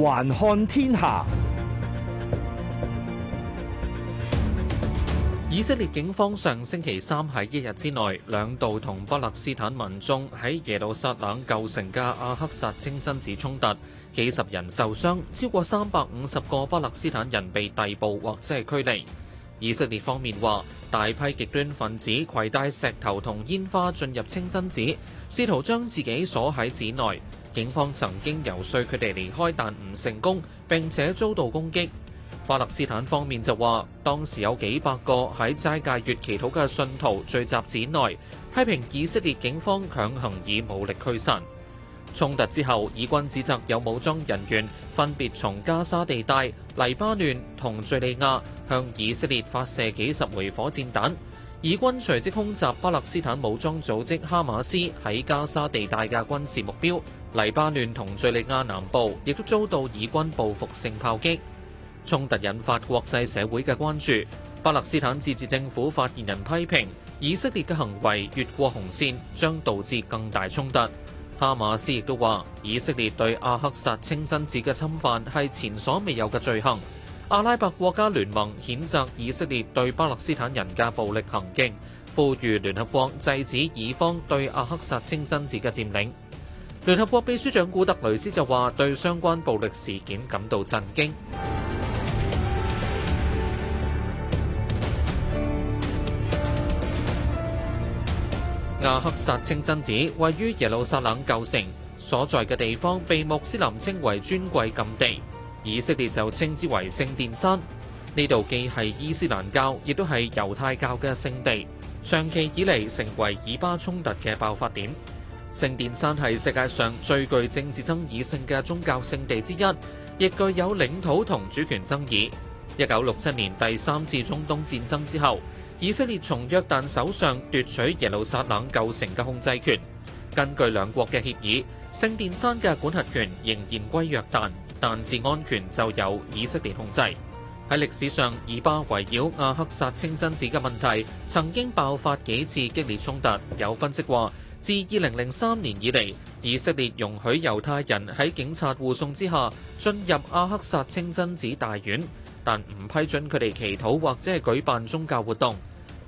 環看天下。以色列警方上星期三喺一日之內兩度同巴勒斯坦民眾喺耶路撒冷舊城嘅阿克薩清真寺衝突，幾十人受傷，超過三百五十個巴勒斯坦人被逮捕或者係驅離。以色列方面話，大批極端分子携帶石頭同煙花進入清真寺，試圖將自己鎖喺寺內。警方曾經遊說佢哋離開，但唔成功並且遭到攻擊。巴勒斯坦方面就話，當時有幾百個喺齋戒月祈禱嘅信徒聚集寺內，批評以色列警方強行以武力驅散。衝突之後，以軍指責有武裝人員分別從加沙地帶、黎巴嫩同敘利亞向以色列發射幾十枚火箭彈。以軍隨即空襲巴勒斯坦武裝組織哈馬斯喺加沙地帶嘅軍事目標，黎巴嫩同敘利亞南部亦都遭到以軍報復性炮擊。衝突引發國際社會嘅關注。巴勒斯坦自治政府發言人批評以色列嘅行為越過紅線，將導致更大衝突。哈馬斯亦都話，以色列對阿克薩清真寺嘅侵犯係前所未有嘅罪行。阿拉伯國家聯盟譴責以色列對巴勒斯坦人嘅暴力行徑，呼籲聯合國制止以方對阿克薩清真寺嘅佔領。聯合國秘書長古特雷斯就話：對相關暴力事件感到震驚。阿克薩清真寺位於耶路撒冷舊城，所在嘅地方被穆斯林稱為尊貴禁地。以色列就稱之為聖殿山，呢度既係伊斯蘭教，亦都係猶太教嘅聖地，長期以嚟成為以巴衝突嘅爆發點。聖殿山係世界上最具政治爭議性嘅宗教聖地之一，亦具有領土同主權爭議。一九六七年第三次中東戰爭之後，以色列從約旦手上奪取耶路撒冷舊城嘅控制權。根據兩國嘅協議，聖殿山嘅管轄權仍然歸約旦。但治安權就由以色列控制。喺歷史上，以巴圍繞阿克薩清真寺嘅問題曾經爆發幾次激烈衝突。有分析話自2003年以嚟，以色列容許猶太人喺警察護送之下進入阿克薩清真寺大院，但唔批准佢哋祈禱或者係舉辦宗教活動。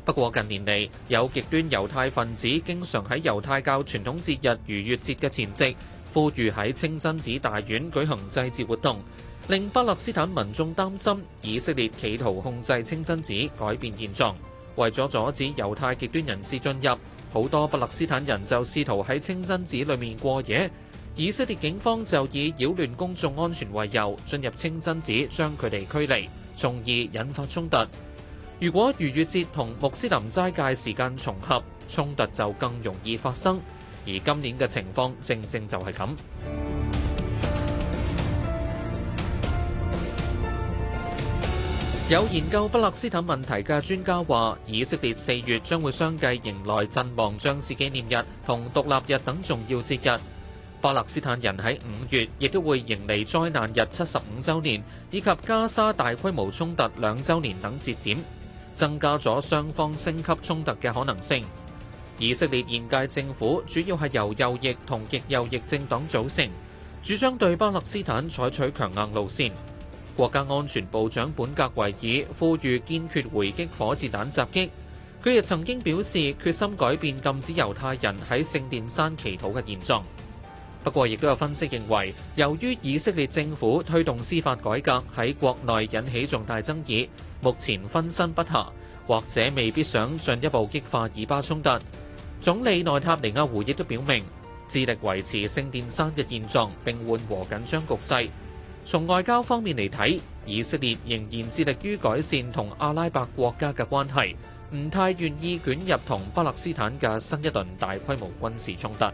不過近年嚟，有極端猶太分子經常喺猶太教傳統節日逾越節嘅前夕。呼籲喺清真寺大院舉行祭祀活動，令巴勒斯坦民眾擔心以色列企圖控制清真寺，改變現狀。為咗阻止猶太極端人士進入，好多巴勒斯坦人就試圖喺清真寺裏面過夜。以色列警方就以擾亂公眾安全為由，進入清真寺將佢哋驅離，從而引發衝突。如果逾越節同穆斯林齋戒時間重合，衝突就更容易發生。而今年嘅情況正正就係咁。有研究巴勒斯坦問題嘅專家話，以色列四月將會相繼迎來陣亡將士紀念日同獨立日等重要節日，巴勒斯坦人喺五月亦都會迎嚟災難日七十五週年以及加沙大規模衝突兩週年等節點，增加咗雙方升級衝突嘅可能性。以色列現屆政府主要係由右翼同極右翼政黨組成，主張對巴勒斯坦採取強硬路線。國家安全部長本格維爾呼籲堅決回擊火箭彈襲擊。佢亦曾經表示決心改變禁止猶太人喺聖殿山祈禱嘅現狀。不過，亦都有分析認為，由於以色列政府推動司法改革喺國內引起重大爭議，目前分身不下，或者未必想進一步激化以巴衝突。總理內塔尼亞胡亦都表明，致力維持聖殿山嘅現狀並緩和緊張局勢。從外交方面嚟睇，以色列仍然致力於改善同阿拉伯國家嘅關係，唔太願意捲入同巴勒斯坦嘅新一輪大規模軍事衝突。